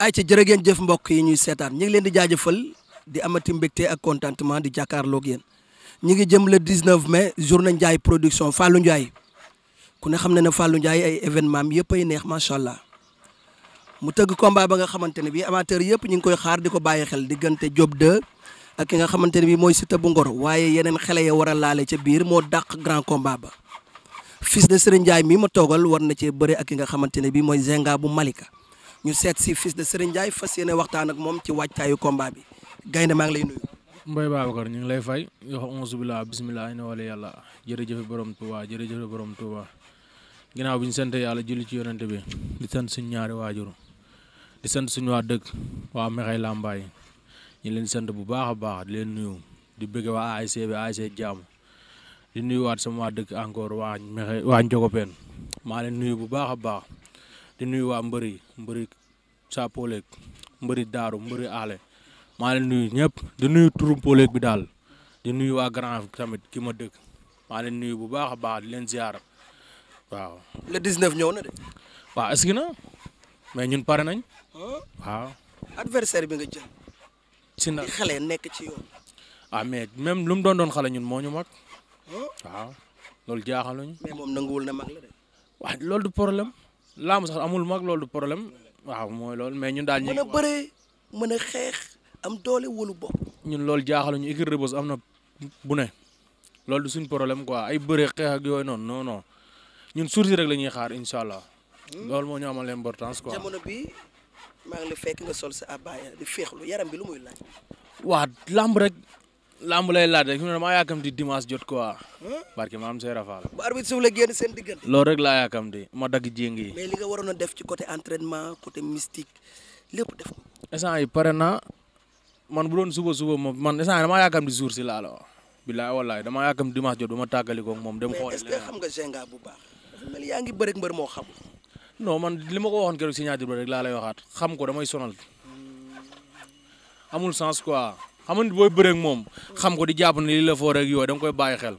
ay ca jërë ngeen jëf mbokk yi ñuy seetaan ñu ngi leen di jaajëfal di amati mbégte a contentement di jàkkaarloog yéen ñu ngi jëm le mais mai journée Ndiaye production Fallou Ndiaye ku ne xam na ne Fallou Ndiaye ay événement am yëpp ay neex macha allah mu tëgg combat ba nga xamante ne bii amateur yëpp ñu ngi koy xaar di ko bàyyi xel diggante Diop 2 ak ki nga xamante ne bii mooy si bu ngoro waaye yeneen xele ya war a laale ca biir moo dàq grand combat ba fis de Serigne Ndiaye mi ma toogal war na cee bëre ak ki nga xamante ne bii mooy Zenga bu Malika. ñu seet si fils de Serigne Ndiaye fas yéene waxtaan ak moom ci wàccaayu komba bi gaynde maa ngi lay nuyu. Mbaye Babacar ñu ngi lay fay yox onze billah bismillah ina wala yàlla jërëjëfe borom Touba jërëjëfe borom Touba ginnaaw bi ñu sant yàlla julli ci yonente bi di sant suñu ñaari waajur di sant suñu waa dëkk waa Mekhay Lambaay ñu leen sant bu baax a baax di leen nuyu di bëgg waa ASC bi ASC jaamu di nuyuwaat sama waa dëkk encore waa Mekhay waa Njogopeen maa leen nuyu bu baax a baax di nuyu waa mbër yi mbëri saapoleeg mbëri daaru mbëri aale maa leen nuyu ñëpp di nuyu turum poleeg bi daal di nuyu waa grand tamit ki ma dëkk maa leen nuyu bu baax a baax di leen ziar waaw. le 19 ñëw na de. waaw est-ce na mais ñun pare nañ. waaw. adversaire bi nga jël. ci na xale nekk ci ah, même lu mu doon doon xale ñun moo ñu mag. waaw loolu jaaxaluñu. mais moom nanguwul na mag la de. waaw loolu du problème. laamu sax amul mag loolu du problème waaw mooy lool mais ñun daal. ñu mën a bëree mën a xeex am doole wóolu bopp. ñun loolu ñu écurie Rebeuss am na bu ne loolu du suñ problème quoi ay bëree xeex ak yooyu noonu non ñun sursi rek la ñuy xaar incha allah. Hmm? loolu moo ñu amal importance quoi. jamono bi maa ngi la fekk nga sol sa abaya di féexlu yaram bi lu muy laaj. waa lamb rek lamb lay laa rek fi mu ne damaa yaakamti jot quoi. barke maam am Fall. bu arbitre suuf la génn seen diggante. loolu rek laa yaakamti ma dagg jéng mais li nga waroon a def ci côté entraînement côté mystique lépp def ko. instant yi pare na man bu doon suba suba moom man instant yi damaa yaakamti jour si laa la wax. bilaay wallaay damaa yaakamti dimanche jot ba ma tàggali ko moom dem. xool est nga Zenga bu baax. mel ngi bëri mbër moo xam. non man li ma ko waxoon keroog si ñaari rek laa lay waxaat xam ko damay sonal. amul sens quoi. xam nga booy bëreek moom xam ko di jàpp ne lii la foo rek yooyu danga koy bàyyi xel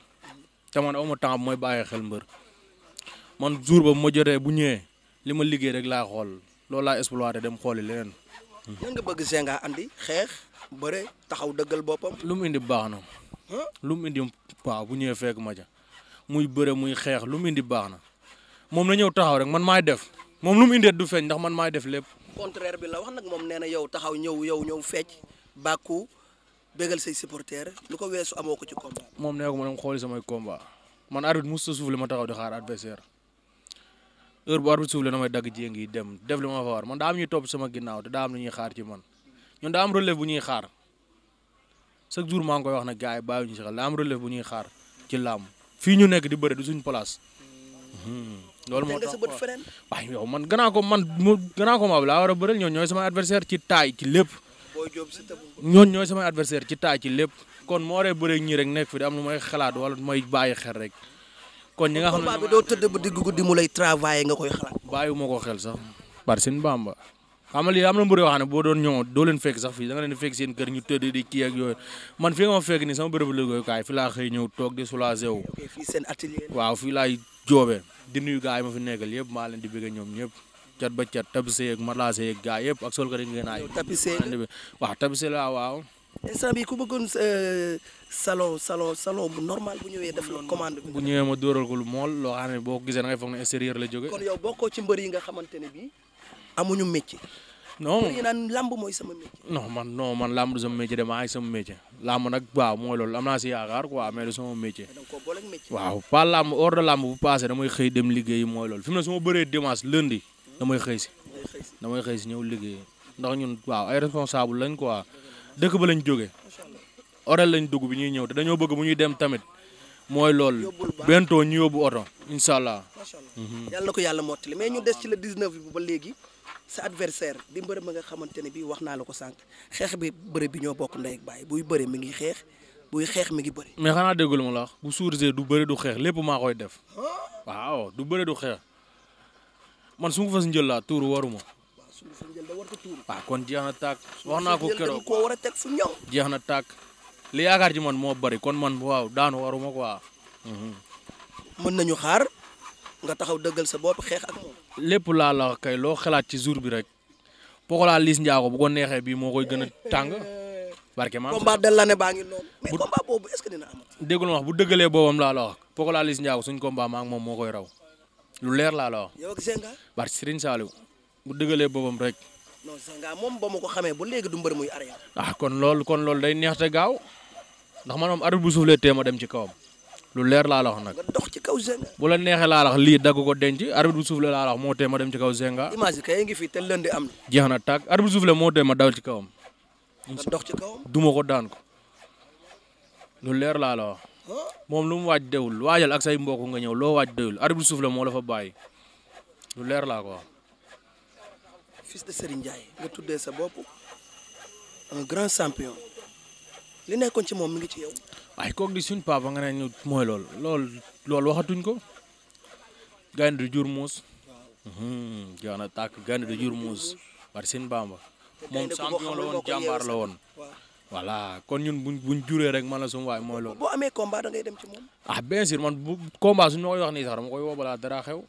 te man aw temps mooy bàyyi xel mbër man jour ba ma jotee bu ñëwee li ma liggéey rek laa xool loolu laa exploité dam xooli leneen. lan nga bëgg Zenga andi xeex bëre taxaw dëggal boppam. lu mu indi baax na lu mu indi waaw bu ñëwee fekk ma ca muy bëre muy xeex lu mu indi baax na moom la ñëw taxaw rek man maay def moom lu mu indee du feeñ ndax man maay def lépp. contraire bi la wax nag moom nee na yow taxaw ñëw yow ñëw fecc bàkku. bégal say supporters lu ko weesu amoo ko ci combat. moom nee ko ma dem xooli samay combat man arbitre mu sa suuf li ma taxaw di xaar adversaire heure bu arbitre suuf la damay dagg jéeng dem def ma fa war man daa am ñuy topp sama ginnaaw te daa am ñuy xaar ci man ñun daa am bu ñuy xaar chaque jour maa ci làmb fii ñu nekk di bëre du suñ place. Hmm, loolu moo tax waaw yow man gannaaw ko man mu gannaaw ko maa bi laa war a bëreel ñoo ñooy sama adversaire ci taay ci lépp. ñooñ ñooy samay adversaire ci taa ci lépp kon moo waree bëreeg ñii rek nekk fi di am lu xalaat wala may bàyyi xel rek kon ñi xam ne doo tëdd ba digg guddi mu lay travailler nga koy xalaat bàyyi ma ko xel sax par sin bamba xam nga lii am na mbër yoo xam boo doon ñëw doo leen fekk sax fii da nga leen fekk seen kër ñu tëdd di kii ak yooyu man fii nga ma fekk nii sama bérébu liggéeyukaay fii laa xëy ñëw toog di soulagé waaw fii laay joobee di cat ba cat tapissé yeeg matelassé yeeg gaa yëpp ak sol ko rek ngeen aay. tapissé waaw tapissé waaw. Euh, bu normal bu ñëwee bu ñëwee ma dóoral ko lu mool loo xam boo ko gisee da foog ne extérieur la jóge kon yow ci mbër yi nga xamante ne bii amuñu métier. non mbër yi naan làmb mooy sama métier. non man non man làmb du sama métier de maa ngi sama métier làmb nag waaw mooy loolu am naa si yaakaar quoi mais du sama métier. waaw pas làmb hors de bu passé damay xëy dem liggéeyi mooy loolu fi ne su bëree dimanche lundi. damay xëy si damay xëy si ñëw liggéey ndax ñun waaw ay responsable ko quoi dëkk ba lañ jóge orel lañ dugg bi ñuy ñëw te dañoo bëgg mu ñuy dem tamit mooy loolu bentoo ñu yóbbu oto incha allah. Mhm. yàlla na ko yàlla mottali mais ñu des ci le 19 bi ba léegi sa adversaire di mbërë ma nga xamante ne bii wax naa la ko sànq xeex bi bëre bi ñoo bokk ndey ak baay buy bëre mi ngi xeex buy xeex mi ngi bëre. mais xanaa déggul ma la wax bu suurisee du bëre du xeex lépp maa koy def waaw du bëre man su ma fas njël laa tuuru waruma. waaw kon jeex na wax naa ko keroog koo war a teg fu ñëw jeex na tàkk li yaakaar ci man moo bari kon man waaw daanu waruma quoi. Mhm. mën nañu xaar nga taxaw dëggal sa bopp xeex ak moom. lépp laa la kay loo xalaat ci jour bi rek Pokola Liss Ndiago bu ko neexee bii moo koy gën a tàng. barke maam combat de l'année baa ngi noonu. mais combat am. dégg wax bu dëggalee boobam laa la wax Pokola Liss Ndiago suñ combat ma ak moom moo koy raw. lu leer laa la wax. yow ak Zenga. Barke Serigne bu dëggalee boppam rek. non Zenga moom ba ma xamee ba léegi du muy arrière. Ah, kon loolu kon loolu day neex te gaaw ndax man moom arbitre bu suuf lee tee ma dem ci kawam lu leer laa la wax nag. nga ci kaw Zenga. bu la neexee laa la lii dagg ko denc arbitre bu suuf lee laa la moo tee ma dem ci kaw Zenga. image kay ngi fi te lënd am na. jeex na tàkk arbitre bu suuf lee moo tee ma daw ci kawam. nga dox ci kawam. duma ko daan ko lu leer laa la moom lu mu waaj dewul waajal ak say mbokk nga ñëw loo waaj dewul arbitre suuf la moo la fa bàyyi lu leer laa ko wax. fils de Serigne sa bopp un grand champion li nekkoon ci moom mi ngi ci yow. ay kooku di suñ papa nga ne mooy loolu lool loolu waxatuñ ko. gaynde du jur muus. Hmm, jox na tàkk gaynde du jur muus bari seen bamba moom champion la woon jàmbaar la woon. voilà kon ñun buñ buñ juree rek man la suñu waay mooy loolu. boo amee combat da ngay dem ci moom. ah bien man bu combat suñu ma koy wax nii sax dama koy woo balaa dara xew.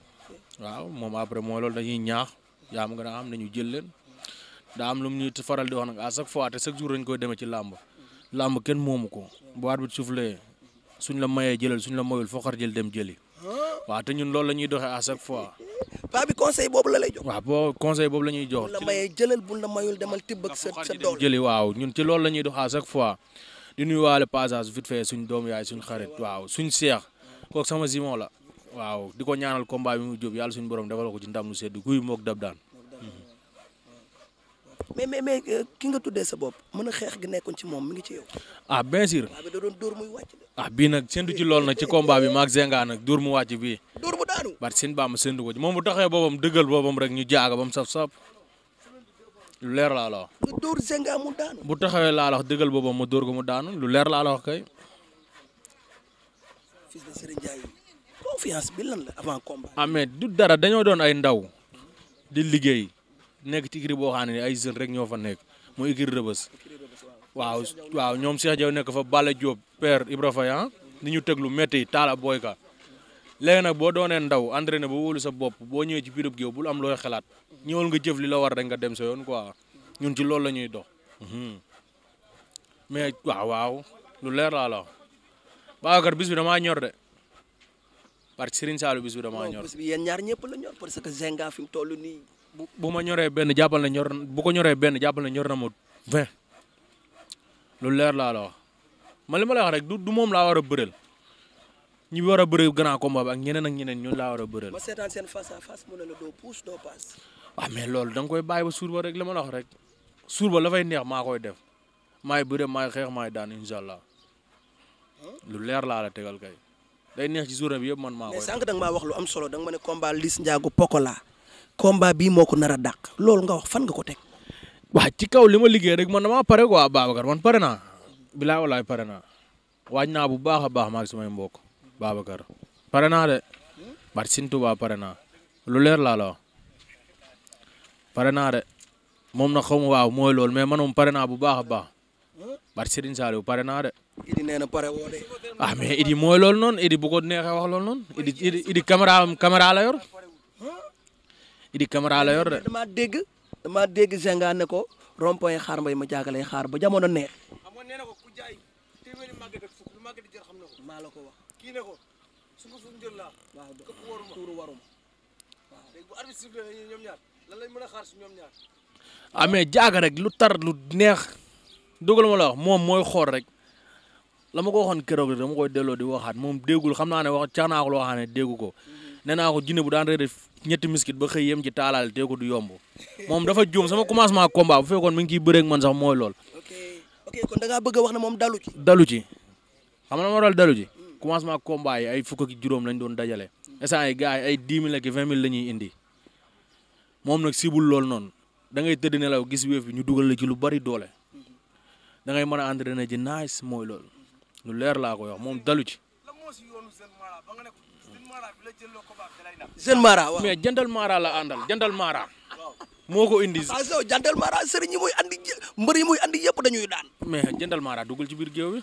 waaw moom après mooy loolu dañuy ñaax yaa ma gën a xam nañu jël leen daa am lu mu ñuy faral di wax nag à chaque fois te chaque jour dañ koy demee ci làmb. làmb kenn moomu ko. bu arbitre soufflé suñ la mayee jëlal suñ la mayul foo xar jël dem jëli. Ah. waaw te ñun loolu la ñuy doxee à chaque fois. paa bi conseil boobu la lay jox. waaw boo conseil boobu la ñuy jox. la mayee jëlal bu la mayul demal tibb ak sa sa doole jëli waaw ñun ci loolu la ñuy dox à chaque fois di nuyuwaale passage vite fait suñ doom yaay suñ xarit waaw suñ seex kooku sama simon la waaw di ko ñaanal combat bi mu jóg yàlla suñu borom defal ko ci ndam lu sedd guy moog dab daan. mais mais mais euh, ki nga tuddee sa bopp mën a xeex gi nekkoon ci moom mi ngi ci yow. ah bien sûr. da doon dóor muy wàcc. ah bii nag séntu ci loolu nag ci combat bi maag Zenga nag dóor mu daanu bat seen baa ma séntu ko ci moom bu taxee boobam dëggal boobam rek ñu jaaga ba mu saf lu leer laa bu taxawee laa la wax dëggal boobam ma dóor ko mu daanu lu leer laa la kay fils ah, du dara dañoo doon ay ndaw di liggéey nekk ci écurie boo xam ne ay jeunes rek ñoo fa nekk muy écurie Rëbës waaw ñoom Cheikh Diaw nekk fa Balla Diop père Ibra Faye ah, ni ñu teg lu métti Talla Boyka léegi nag boo doonee ndaw entraîné ba wóolu sa bopp boo ñëwee ci biirub géew bul am looy xalaat ñëwal nga jëf li la war rek nga dem sa yoon quoi ñun ci loolu la ñuy dox hmm. mais waaw waaw lu leer laa la wax Babacar bis bi damaa ñor de parce que bi damaa ñor bis bi yéen ñëpp la ñor parce que Zenga fi mu toll nii bu ma ñoree benn jàppal ñor bu ko ñoree benn jàppal na na ma vingt lu laa la wax man ma la wax du du moom laa war a bëreel ñi war a bëre grand combat bi ak ñeneen ak ñeneen ñun laa war a bëreel. ma seetaan seen face à face mu ne la doo puus doo paas. Ah, loolu da nga koy bàyyi ba suur ba rek la la wax rek suur ba la fay neex maa koy def maay bëre maay xeex maay daan incha allah lu leer laa la tegal kay day neex ci journée bi yëpp man maa koy. mais sànq maa wax lu am solo da nga ma ne combat Liss Ndiago Pokola combat bii moo ko nar a dàq loolu nga wax fan nga ko teg. waa ci kaw li ma liggéey rek man maa pare quoi Babacar man pare naa bilaay walaay pare naa waaj naa bu baax a baax maa ngi samay Babacar pare naa de bar sin Tuubaa pare naa lu leer laa la wax pare naa de moom nag xaw ma waaw mooy lool mais man pare naa bu baax a baax bar Serigne Saliou pare naa de. Idi nee na pare woo de. ah mais Idi mooy loolu noonu Idi bu ko neexee wax loolu noonu Idi Idi la yor Idi caméra la yor de. damaa dégg damaa ko rond-point xaar mbay ma jaagalay xaar ba jamono neex. kii ne ko suba suuf njël laa. waaw këpp waruma tuuru waruma. waaw ah, jaaga rek lu tar lu neex dugal ma la wax moom mooy xool rek la ma ko waxoon keroog rek dama koy delloo di waxaat moom déggul xam naa ne wax caax naa ko loo xam ko mhm. nee naa ko jinne bu daan réer ñetti miskit ba xëy yem ci taalaal déggu du yomb moom dafa juum sama commencement combat bu fekkoon mi ngi ciy bëreeg man sax mooy lool. ok ok kon da bëgg a wax ne moom dalu ci. dalu ci xam nga ma doon dalu commencement combat yi ay fukk juróom lañu doon dajale. instant yi gars yi ay dix mille ak vingt mille la ñuy indi moom nag sibul lool noonu da ngay tëdd nelaw gis wéef bi ñu dugal la ci lu bari doole da ngay mën a entraîner ji nice mooy loolu lu leer laa ko wax moom dalu ci. jeune mara waaw mais la àndal jëndal mara. moo ko indi. ah so jëndal mara sëriñ yi muy andi mbër yi andi yëpp dañuy daan. mais jëndal mara duggul ci biir géew bi.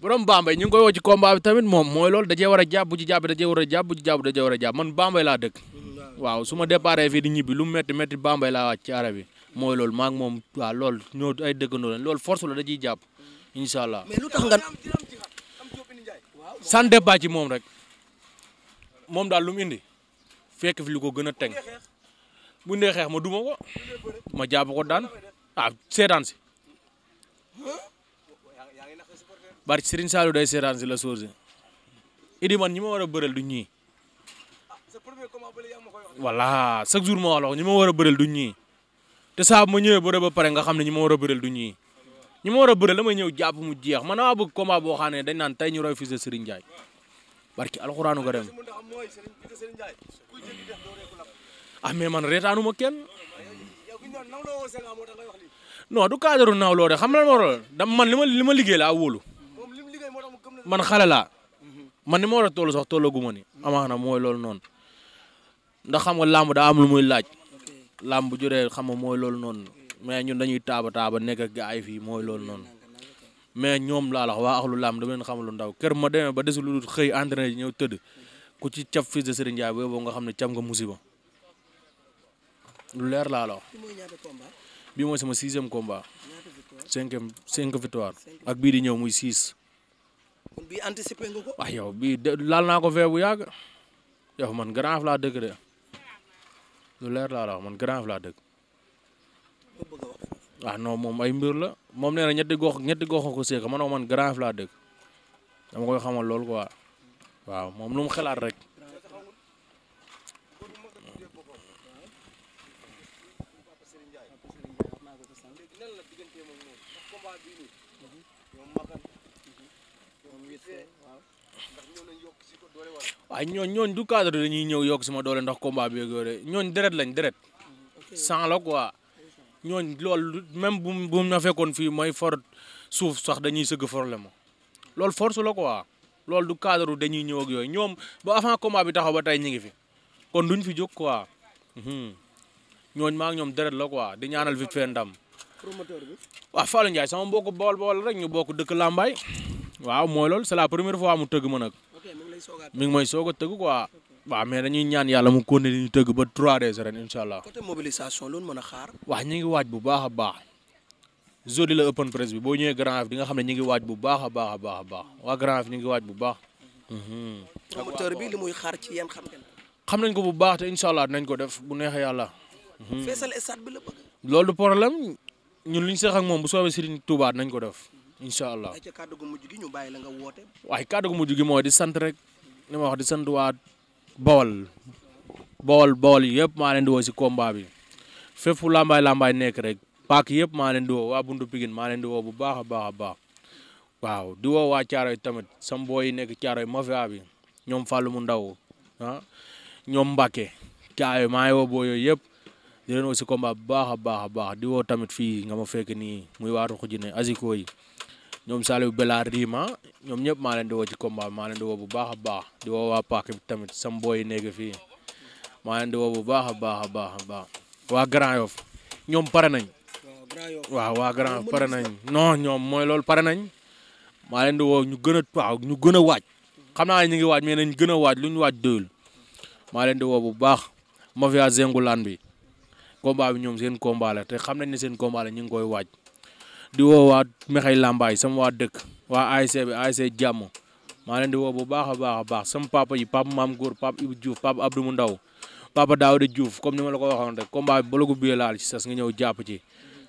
borom Bambey ñu ngi koy woo ci combat bi tamit moom mooy loolu dajee war a jàpp bu ci dajee war a jàpp bu ci dajee war a jàpp man Bambey laa dëkk waaw su ma déparé fii di ñibbi lu mu métti métti Bambey laa wàcc ci arab bi mooy lool maa moom waaw loolu ñoo ay dëkkandoo loolu force la dajiy jàpp incha allah. mais lu tax moom rek moom daal lu mu indi fekk fi lu ko gën a teg bu ndee xeex ma duma ko ma jàpp ko daan ah, seetaan si. barke Serigne Saliou day seetaan si la chose idi man ñi ma war a bëreel du ñii voilà chaque jour ma wax la ko ñi ma war a bëreel du ñii te saa bu ma ñëwee bëre ba pare nga xam ne ñi ma war a bëreel du ñii ñi ma war a bëreel damay ñëw jàpp mu jeex man damaa bëgg combat boo xam ne dañ naan tey ñu roy fils de Serigne Ndiaye barki alxuraanu ko dem ah, man reetaanu ma kenn non du cadre naaw xam na ma lool dama man li ma li ma liggéey laa man xale laa man ni moo war a toll sax tollagu ma ni na mooy loolu noonu ndax xam nga làmb daa am lu muy laaj làmb bu juree xam nga mooy loolu noonu mais ñun dañuy taaba taaba nekk ak fii mooy loolu noonu mais ñoom laa la wax lu axlu làmb dama leen xam lu ndaw kër ma demee ba des lu xëy entraîné ñëw tëdd ku ci cab fils de Serigne Ndiaye boobu nga xam ne cab nga musiba lu leer laa la wax bii mooy sama sixième combat cinquième cinq victoire ak bii di ñëw muy six kon ko. Ah, laal naa ko fee bu yàgg yow man Grand Yoff laa dëkk de lu leer laa la wax man Grand Yoff dëkk. waaw non moom ay mbir la moom nee na ñetti gox ñetti ko seeka man man Grand Yoff laa dëkk dama koy xamal loolu quoi waaw moom lu mu xalaat rek. waaw ñooñ ñooñ du cadre dañuy ñëw yokk sama doole ndax combat bi yeeg yooyu ñooñ deret lañ deret sang la quoi ñooñ loolu même bu bu ma fekkoon fii mooy for suuf sax dañuy sëgg problème ma lool force la quoi lool du cadre dañuy ñëw ak yooyu ñoom ba avant combat bi taxaw ba tey ñu ngi fi kon duñ fi jóg quoi hmm. ñooñ maa ñoom deret la quoi di ñaanal vite fait ndam. promoteur bi waaw sama mbokku Bawol Bawol rek ñu bokk dëkk Lambaye waaw mooy loolu c'est la première fois mu tëgg ma nag. mi ngi may soog a tëgg quoi. waaw mais dañuy ñaan yàlla mu continuer ñu tëgg ba 3 ren incha allah. côté mobilisation a xaar. waaw ñu ngi waaj bu baax a baax. jeudi la open press bi boo ñëwee Grand F di nga xam ne ñu ngi waaj bu baax a baax a baax waa Grand F ñu ngi waaj bu baax. promoteur mhm. mhm. bi li muy xaar ci yéen xam ngeen. xam nañ ko bu baax te incha allah nañ ko def bu neexee yàlla. Mhm. feesal stade bi la loolu du problème ñun li ñu seex ak moom bu soobee Serigne tuubaat nañ ko def. incha allah ay ca kàddu gu mujj gi ñu bàyyi la gu mujj gi mooy di sant rek li ma wax di sant waa Bawol Bawol Bawol yëpp maa leen di woo si combat bi fépp fu nekk rek paak yëpp maa leen di woo waa Buntu Pikine maa leen di woo bu baax a baax a baax waaw di woo waa Caaroy tamit sam yi nekk Caaroy mafia bi ñoom Fallou mu ndaw ah, ñoom Mbacke caayo maa ngi woo yooyu yëpp di leen woo si combat bu baax a baax a baax di woo tamit fii nga ma fekk nii muy waatu xujine asiko yi ñoom Saliou Bella Rima ñoom ñëpp maa leen di woo ci combat bi maa leen di woo bu baax a baax di woo waa Pàcc bi tamit sam booy nekk fii maa leen di woo bu baax a baax baax a baax waa Grand Yoff ñoom pare nañ. waaw waa Grand Yoff pare nañ non ñoom mooy lool pare nañ maa leen di woo ñu gën a waaw ñu gën a waaj xam naa ñu ngi waaj mais nañ gën a waaj luñ ñu waaj doyul maa leen di woo bu baax mafia zengulaan bi combat bi ñoom seen combat la te xam nañ ne seen combat la ñu ngi koy waaj. di woo waa Mekhay Lambaay sama waa dëkk waa ASC bi ASC jàmm maa leen di woo bu baax a baax a baax sama papa yi papa maam góor papa Ibou Diouf papa Abdou mu ndaw papa di Diouf comme ni ma la ko waxoon rek combat bi ba la ko biyee laal ci sas nga ñëw jàpp ci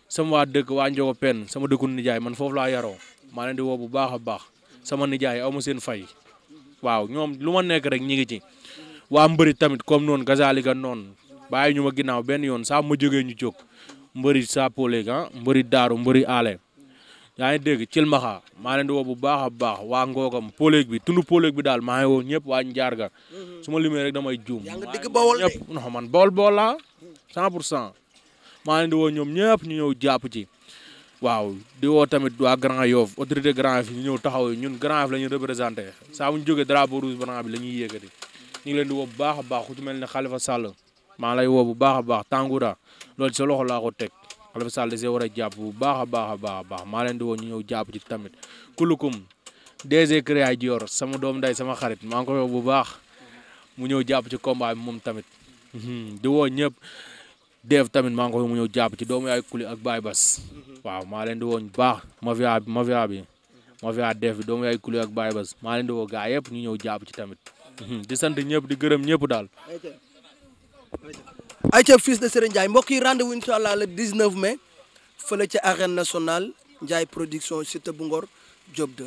sama waa dëkk waa Ndiogo Penn sama dëkku nijaay man foofu laa yaroo maa leen woo bu baax a baax sama nijaay aw ma seen fay waaw ñoom lu ma nekk rek ñi ngi ci waa mbëri tamit comme noonu gazalika noonu bàyyi ñu ma ginnaaw benn yoon saa ma jógee ñu jóg mbëri sapolek ah mbëri daaru mbëri aale yaa ngi dégg cilmaxa maa leen di woo bu baax a baax waa ngoogam poléeg bi tund poléeg bi daal maa ngi woo ñëpp waa njaar ga mhm. su ma limee rek damay juum ñëpp non man bool boola laa cent pour cent maa leen di woo ñoom ñëpp ñu ñëw jàpp ci waaw di woo tamit waa Grand Yoff autorité Grand Yoff ñu ñëw taxaw ñun Grand Yoff la ñuy représenté saa bu ñu jógee drapeau rouge blanc bi la ñuy yéegati ñu ngi leen di woo bu baax a baax ku ci mel ne Khalifa Sall maa lay woo bu baax baax tàngoora loolu sa loxo laa ko teg Xalifa Sall da see war a jàpp bu baax baax a a baax maa leen di woon ñëw jàpp ci tamit kulukum DG Créa Dior sama doom nday sama xarit maa ngi bu baax mu ñëw jàpp ci combat bi moom tamit mhm, di woo ñëpp deef tamit maa ngi ko mu ñëw jàpp ci doomu yaay kuli ak baay bas waaw maa leen di woo bu baax mafia bi mafia bi mafia def bi doomu yaay kuli ak baay bas maa leen di woo gaa yëpp ñu ñëw jàpp ci tamit mhm, di sant ñëpp di gërëm ñëpp daal ayca fils de Serigne Ndiaye mbokk yi rendez-vous incha allah le 19 mai fële ca arène nationale Ndiaye production Siteu bu Ngor Diop